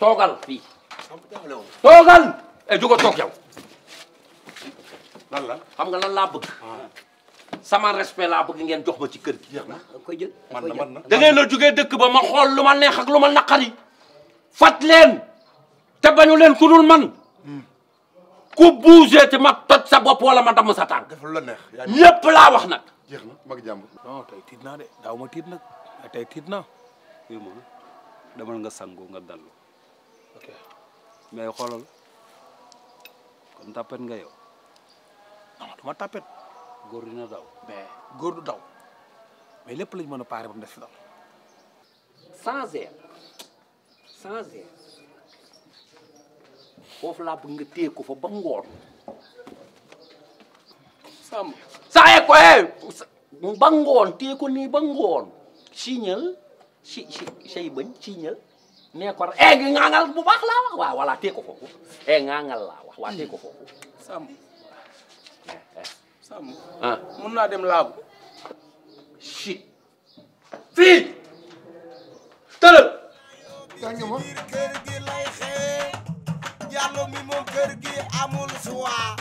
togal fii toogal e togel. a toog yow lan la xam nga lan laa bëgg ah. sama respect laa bëgg ngeen jox ma ci kër gi da ah, koy jël da ngeen a jógee dëkk ba ma xool lu ma neex ak lu ma naqari fat leen te bañu leen man hmm. ku te ma sa wala ma sa wax jeex na mag non de ma demal nga sangoo nga dallu ok mais xoolal kon tàppet nga yow non duma tàppet góor dina daw mais góor du daw mais lépp lañ mën a paare ba mu def daw sans air sans air foofu laa nga téye ko fa ba ngoon sam eh! téye ko nii ba ngoon signal shi shi shey bañ ciiñal nee ko e ŋaŋal bu baax laa wax waaw tee ko foofu e ŋaŋal laa waa tee ko foofu sàmm eh, eh. sàmm ah. mun naa dem laabu shi fii tëral jàng ma kër gi lay xee yàlla mi moom kër gi amul suwaa